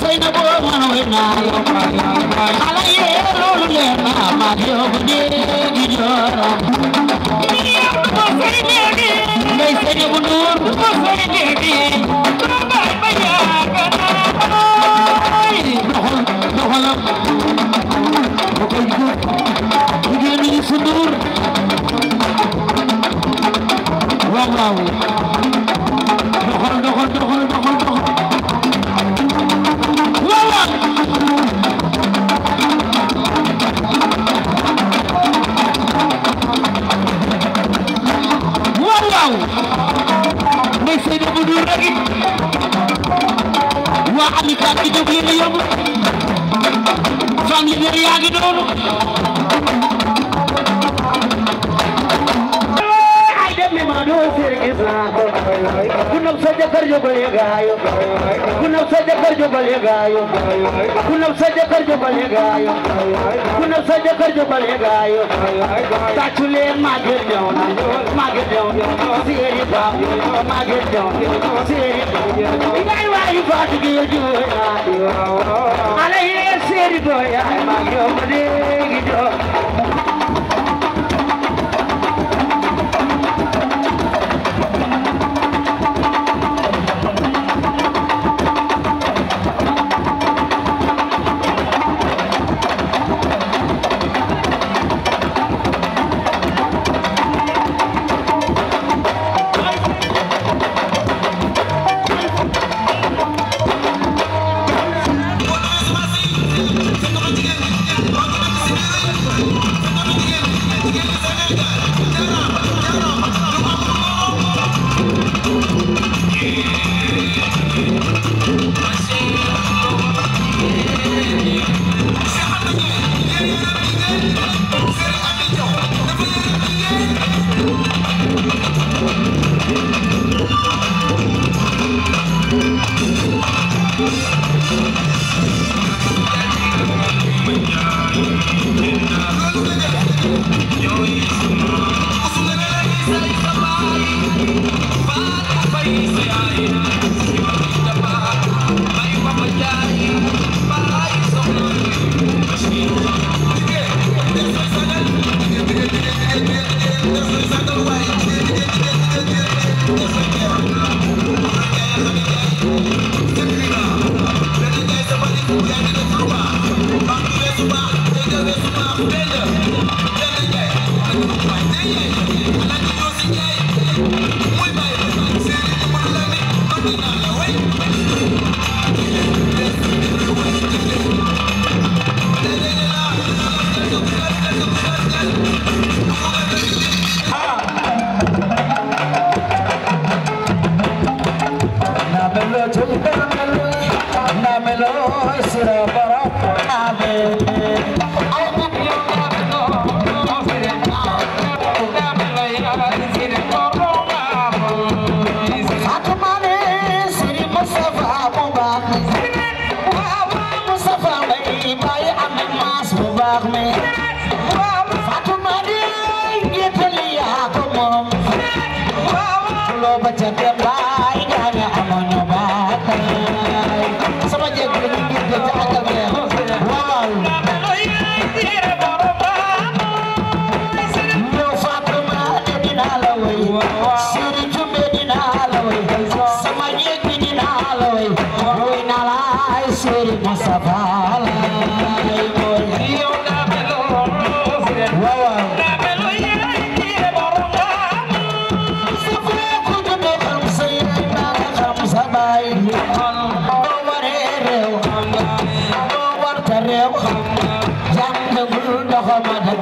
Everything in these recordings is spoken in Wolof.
فين کوه ونا ونا لاليه لول léegi waa Afrika bi jóg leen a yóbbu femme libérée yaa ngi noonu नो सिर के गुनब से जकर जो बले गायो गुनब से जकर जो बले गायो गुनब से जकर जो बले गायो गुनब से जकर जो बले गायो ताचुले मागे जाओ मागे जाओ सिरी बाप मागे जाओ सिरी इबाई वाई बात की जो ना अरे ये सिरी बोया मागे बले जो réew xam jàngagul doxama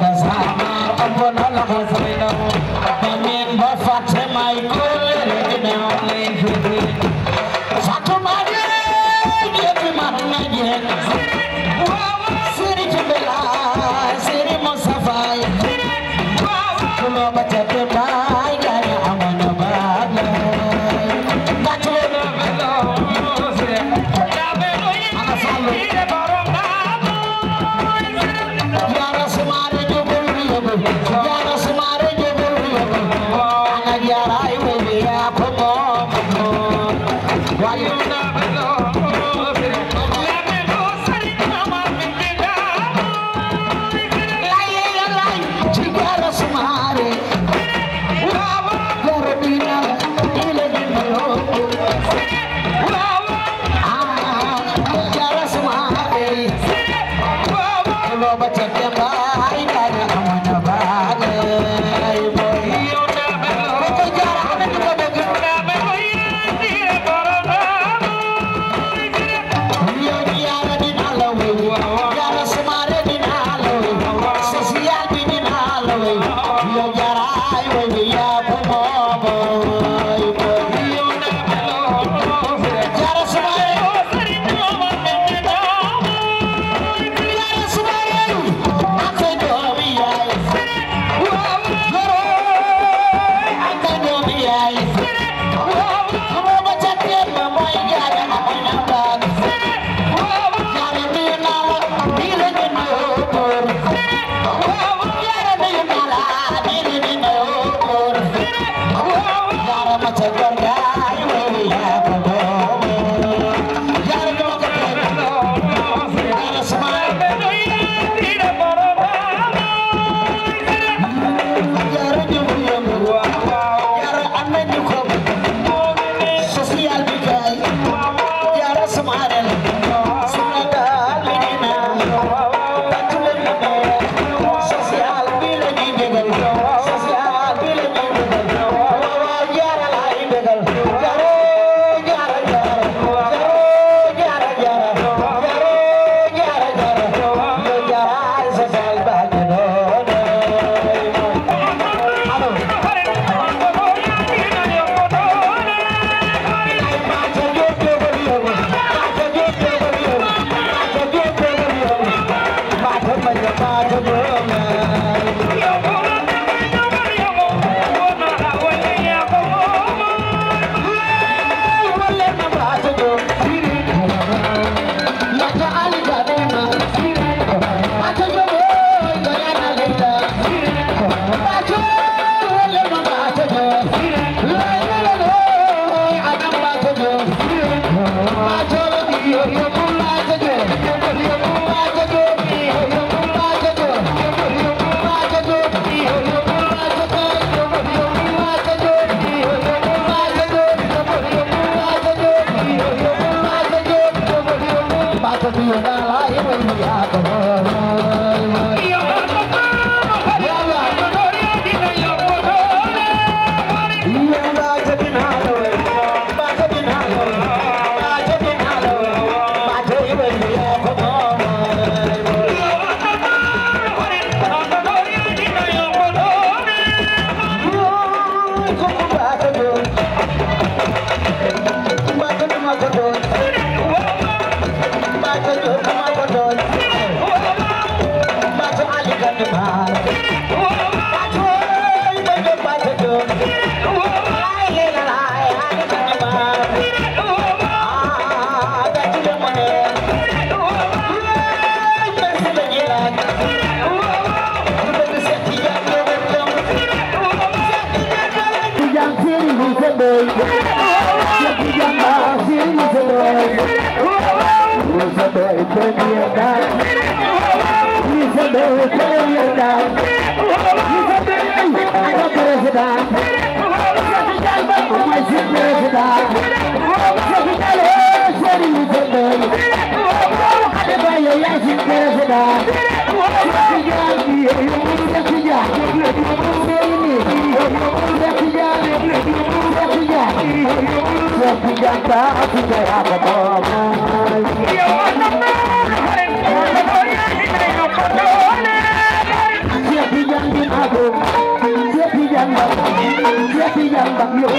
Yo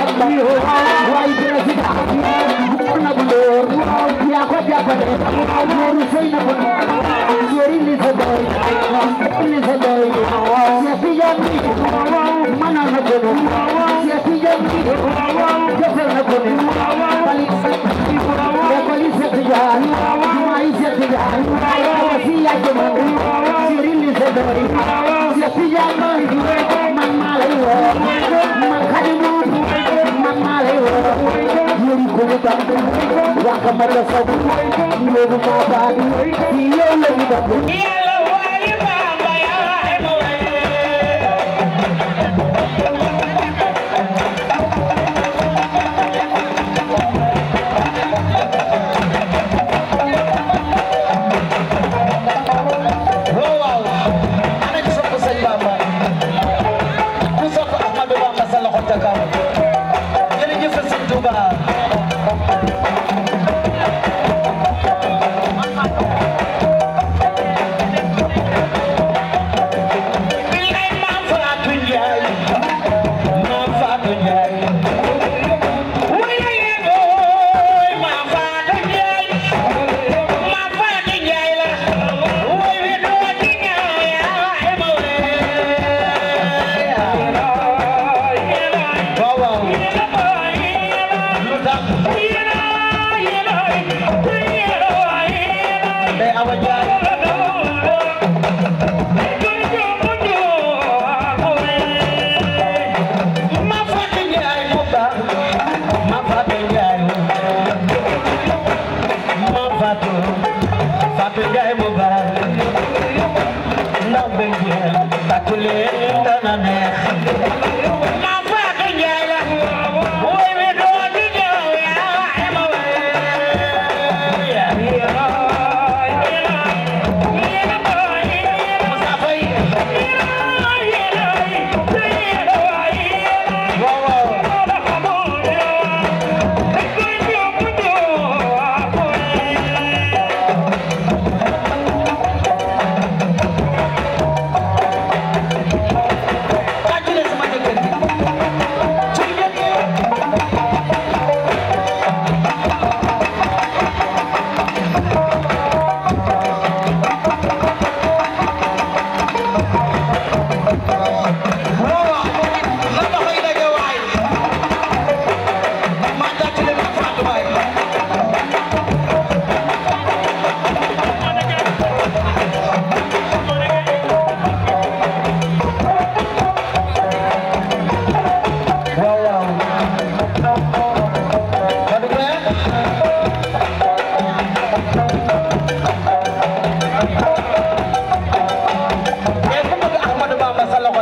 man maa lay woo man xadimu yéen ko mu dàq wax ma la sax yéen moo baax yow la ñu dàq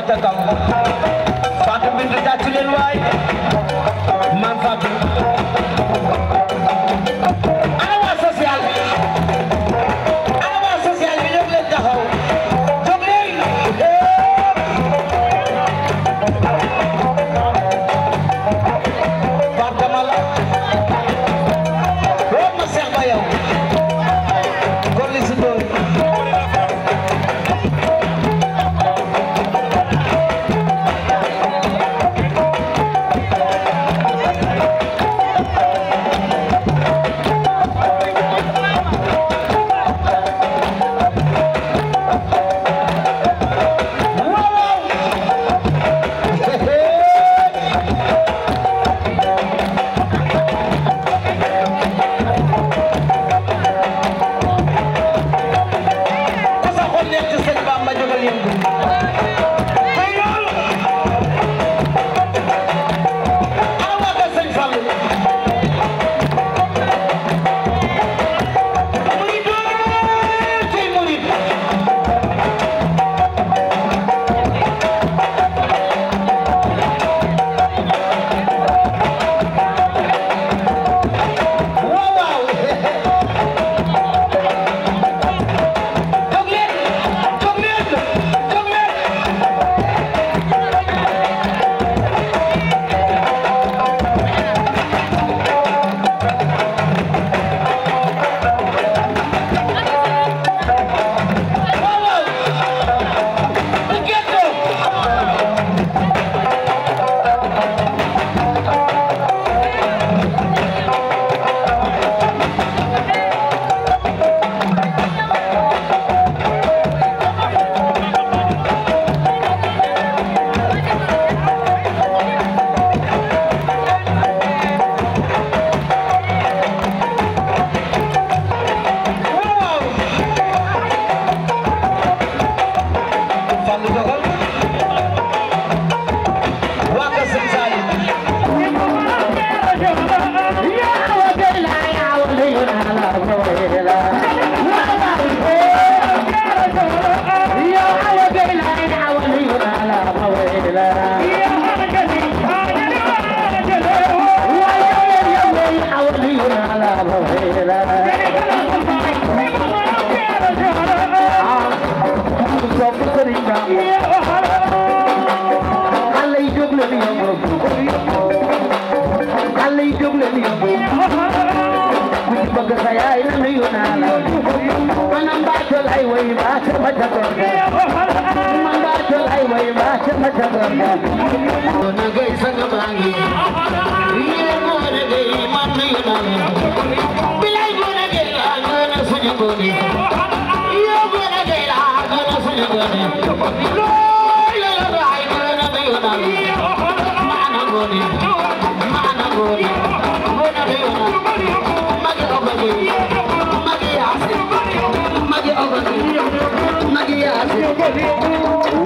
たか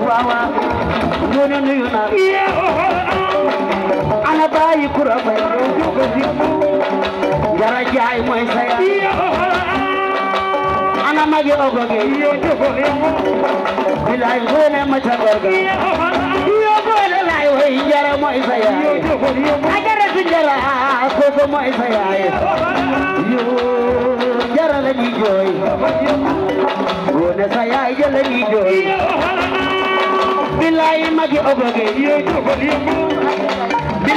waawa ngone nuyu na ana bàyyi kura bay dara jaay mooy saya ana magi ogoge bilaay ngone ma ca gorga yo gole lay way jara mooy saya agara su jara koko mooy saya yo jara la ñuy jooy wone sa yaay ja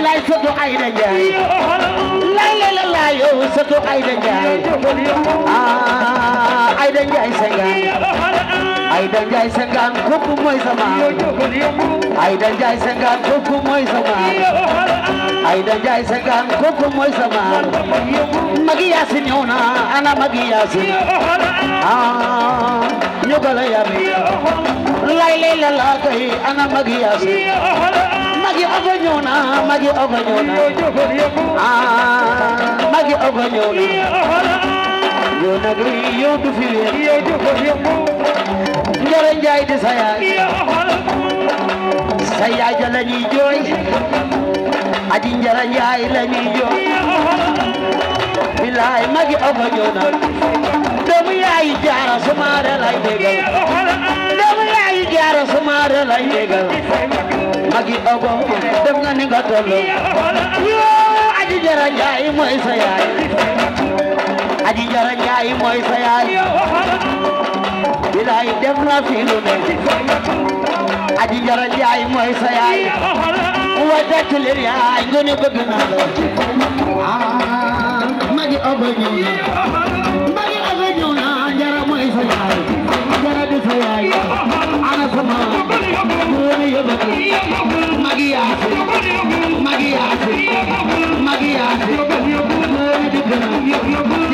la soto Ayda Njaay lay lay yow oh, soto Ayda Njaay ah, sengaan Ayda mooy sa Ayda Njaay sa gaan kooku mooy sa maam magi Yaasin ñëw na ana magi Yaasin ah ñu gala yami lay lay la laa koy ana magi Yaasin magi ogo ñëw na magi ogo ñëw na ah magi ogo ñëw na yow nag yow du fi wér Njara Njaay di sa yaay te yaaja la ñuy jooy aji njara njaay la jooy bilaay magi ogo doomu yaay jaara sumaare lay doomu yaay jaara sumaare lay dégal magi ogo dem nga ni tollu yoo aji njaay mooy sa aji jara ñaay mooy sa yaay bilaay def na fi lu ne aji jara ñaay mooy sa yaay wa datulir yaay ngone bëgg na la ah, magi aba ñëw na magi aba ñëw na jara mooy sa yaay jara di sa yaay ana sama ngone yëbëg magi yaasi magi yaasi magi yaasi ngone di gëna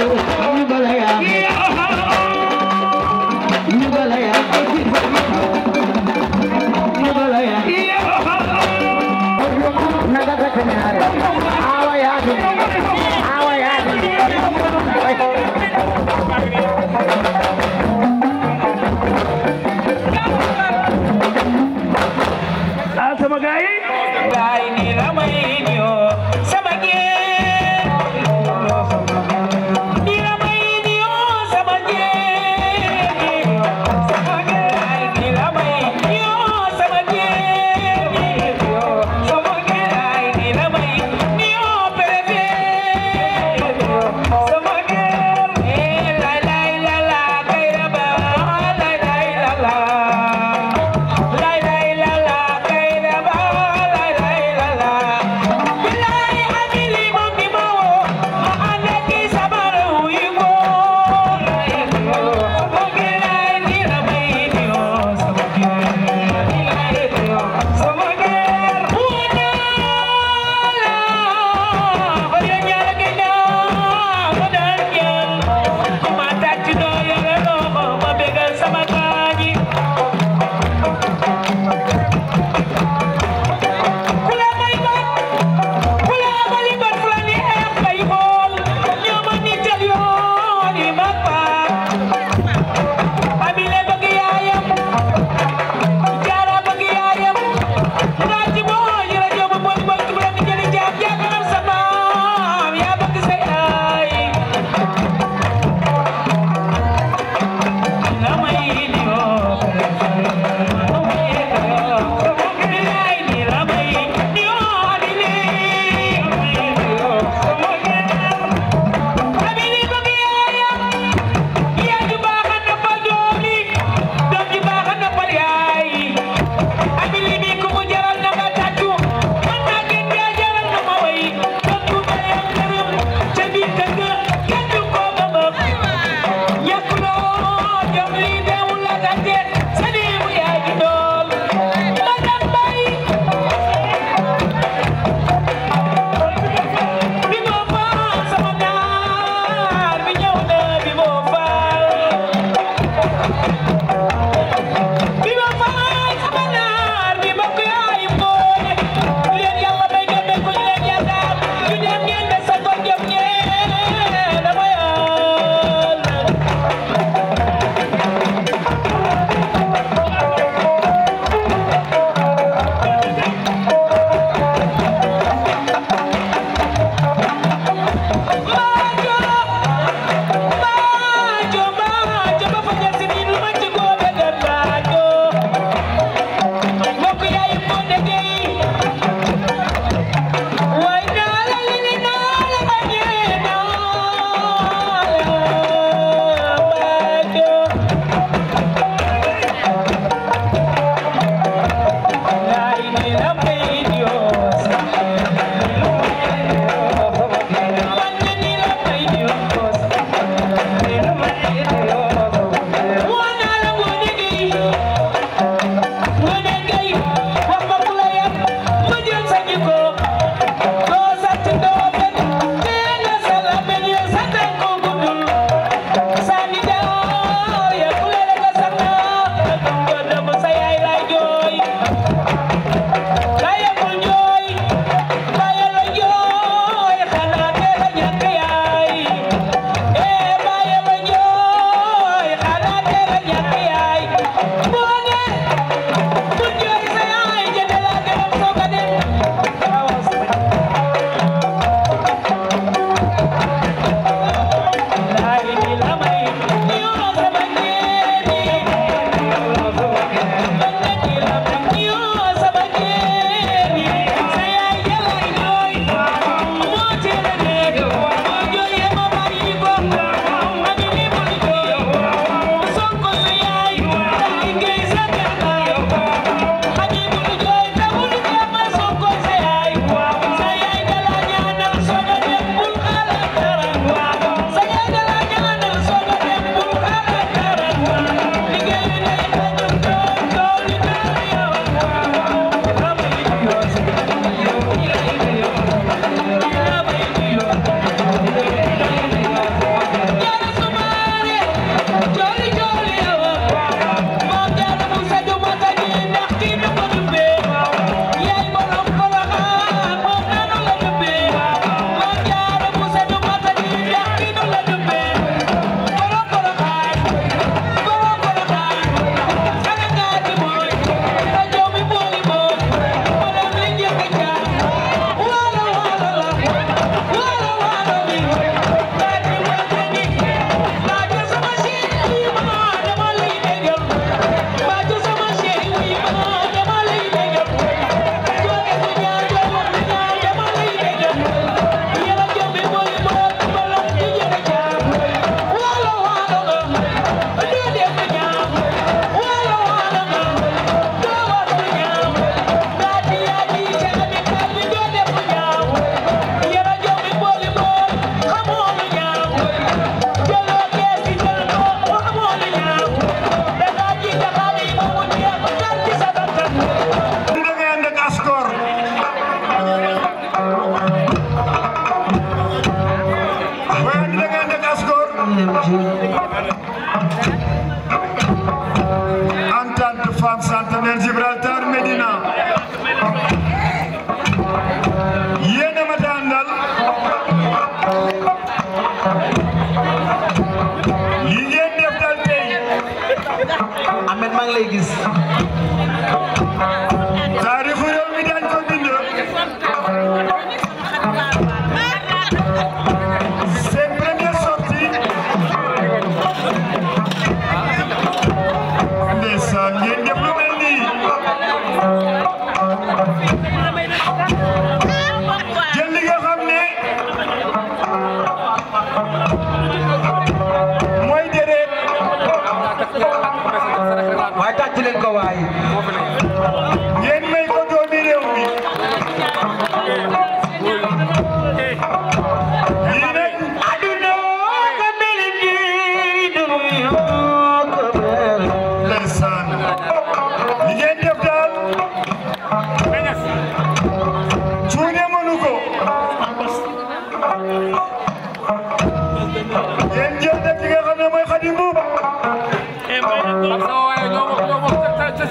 ಮಗಾಯಿ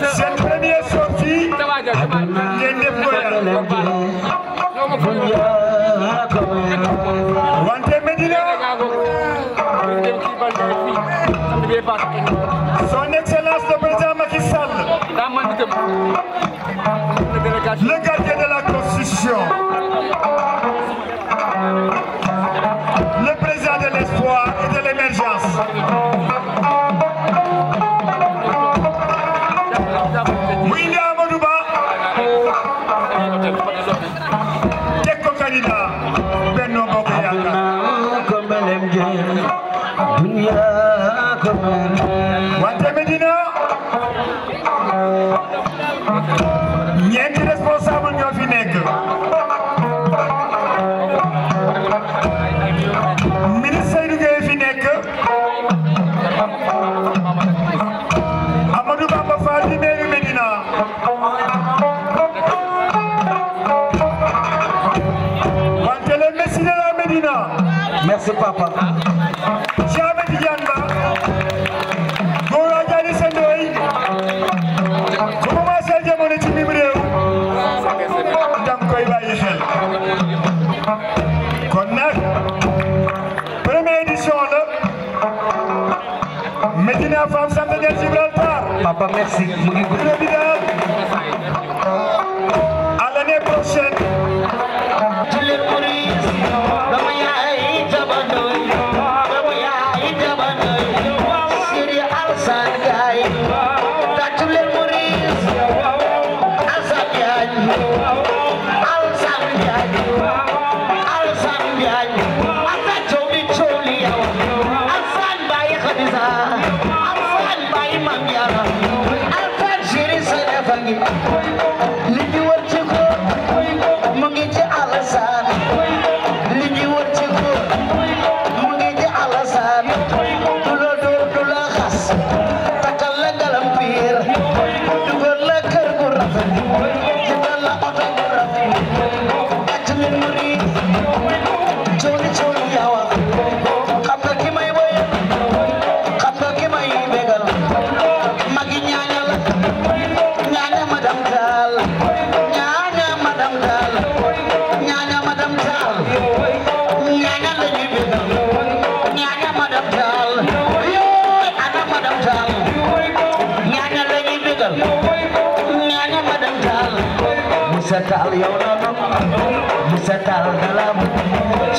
seen première sortie ngeen def goyal wante Medina son excellence le président Macky Sall le gardien Papa,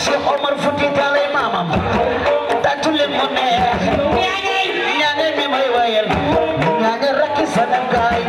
Cheikh Omar Fouti Taalay maamam tàccu leen mu neex ñaanal mi may wayal ñaanal rakki sa dangaay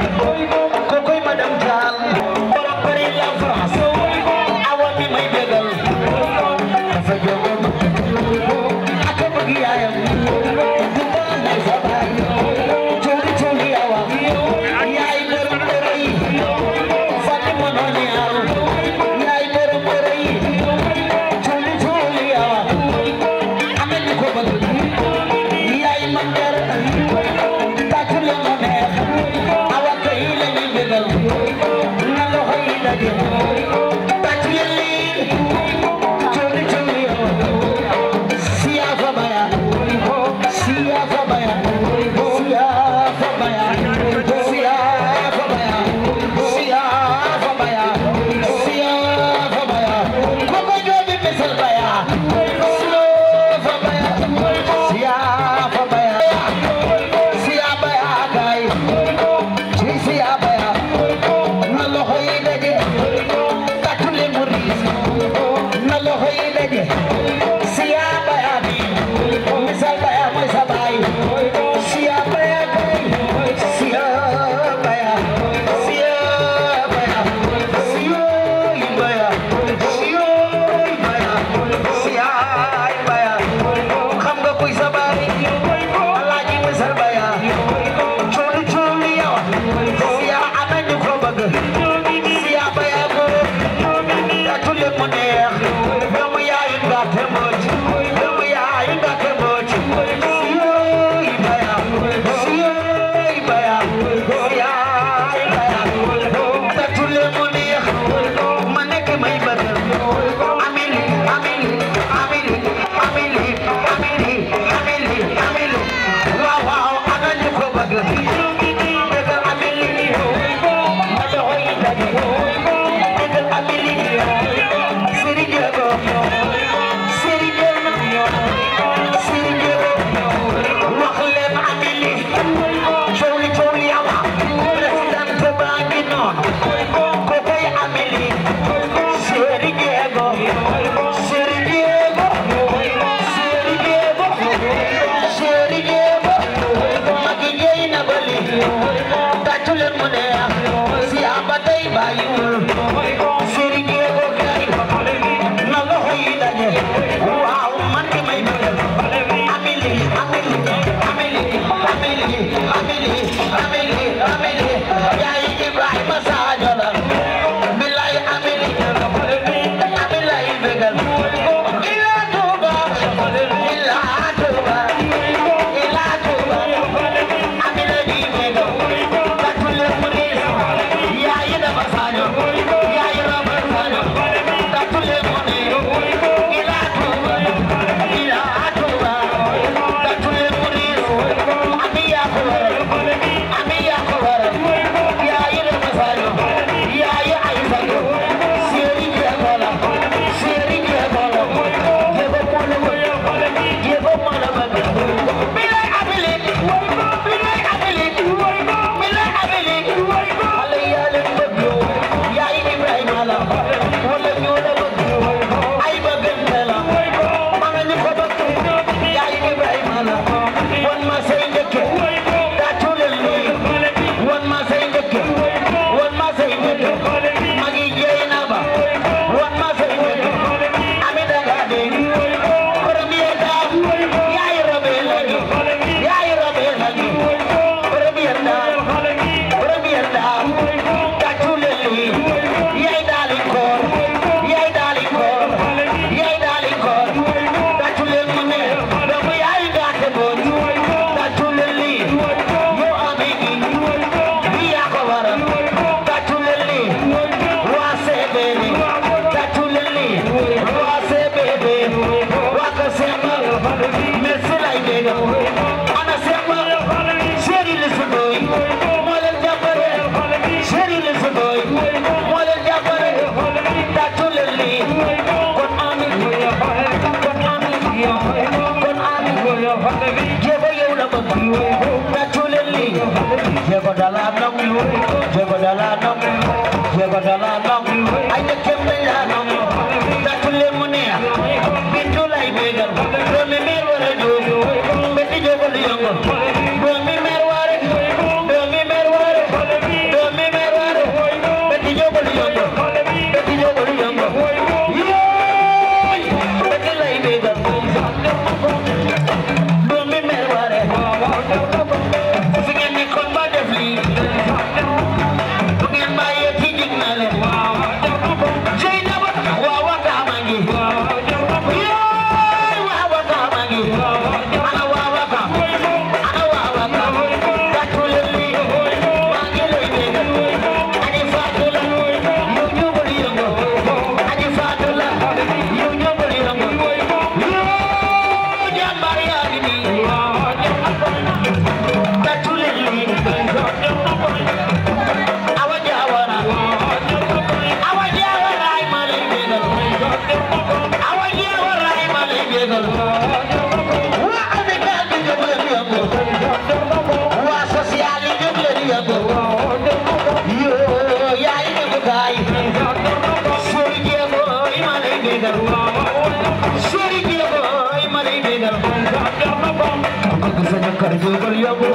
Depois eu falei, amor,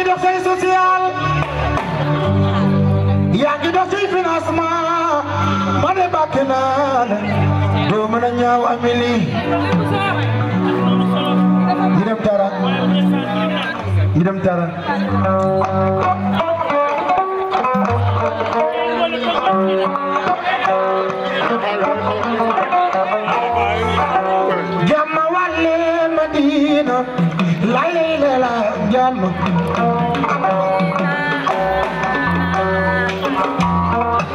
ngi def say social yaa ngi def say financement ma ne bàkk naa la doo mën a ñaaw amili ñu dem Tara ñu dem Tara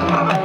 Thank you.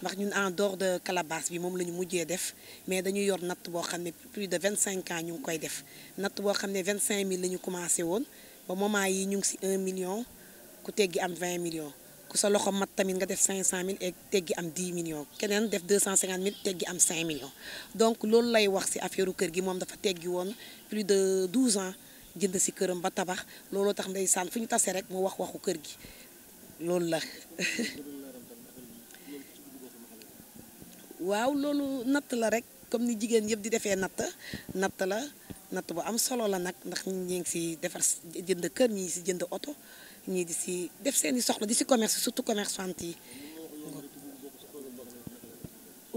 ndax ñun en dehors de calebasse bi moom la ñu mujjee def mais dañu yor natt boo xam ne plus de 25 ans ñu ngi koy def natt boo xam ne 25000 la ñu commencé woon ba moment yi ñu ngi si un million ku teggi am 20 millions ku sa loxo mat tamit nga def 500000 et teggi am 10 millions keneen def 250000 teggi am 5 millions donc loolu lay wax si affaireu kër gi moom dafa teggi woon plus de 12 ans jënd si këram ba tabax looloo tax ndeysaan fu ñu tase rek mu wax waxu kër gi loolu la. waaw loolu natt la rek comme ni jigéen yëpp di defee natt natt la natt bu am solo la nag ndax ñi ngi si defar jënd kër ñi si jënd oto ñii di si def seeni soxla di si commerce surtout commerçante yi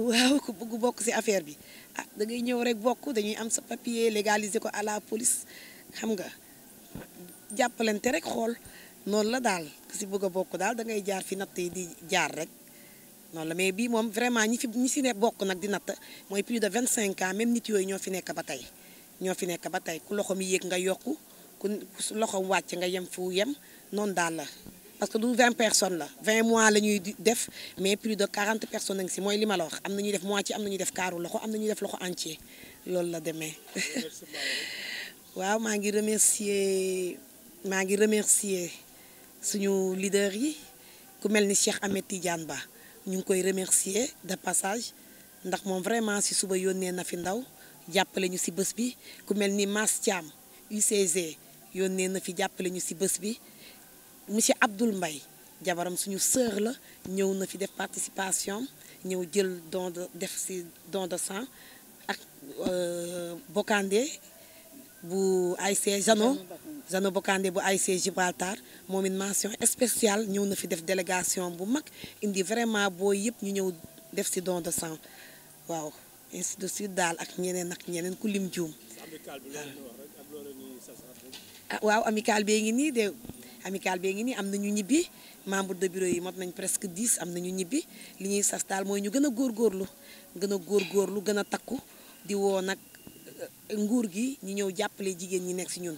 waaw ku bëgg bokk si affaire bi ah da ngay ñëw rek bokk dañuy am sa papier légaliser ko à la police xam nga jàppalante rek xool noonu la daal ku si bëgg a bokk daal da ngay jaar fi natt yi di jaar rek non la mais bi moom vraiment ñi fi ñi si ne bokk nag di natt mooy plus de 25 ans même nit yooyu ñoo fi nekk ba tey ñoo fi nekk ba tey ku loxo mi yéeg nga yokku ku loxom wàcc nga yem fu yem noonu daal la parce que du 20 personnes la 20 mois la ñuy def mais plus de 40 personnes a ngi si mooy li ma la wax am na ñuy def moitié am na ñuy def kaaru loxo am na ñuy def loxo entier loolu la demee waaw maa ngi remercier maa ngi remercier suñu leader yi ku mel ni Cheikh Ahmed Tidiane Ba nous remercions remercier de passage Nous vraiment si souba na fi ndaw ñu si bi ku UCG na fi si monsieur Abdoul Mbaye jabaram suñu sœur la ñëw na fi def participation ñëw jël de def de sang ak euh, Bokandé Zano Bokande bu ASC Gibraltar moom it mention spéciale ñëw na fi def délégation bu mag indi vraiment boo yëpp ñu ñëw def si don de sang waaw ainsi de suite daal ak ñeneen ak ñeneen ku lim juum ah, waaw amical bee ngi nii de amical bee ngi nii am nañu ñibbi membre de bureau yi mot nañ presque 10 am nañu ñibbi li ñuy sas daal mooy ñu gën a góor góorlu gën a góor góorgóorlu gën a takku di woo nag eh, nguur gi ñu ñëw jàppale jigéen ñi nekk si ñun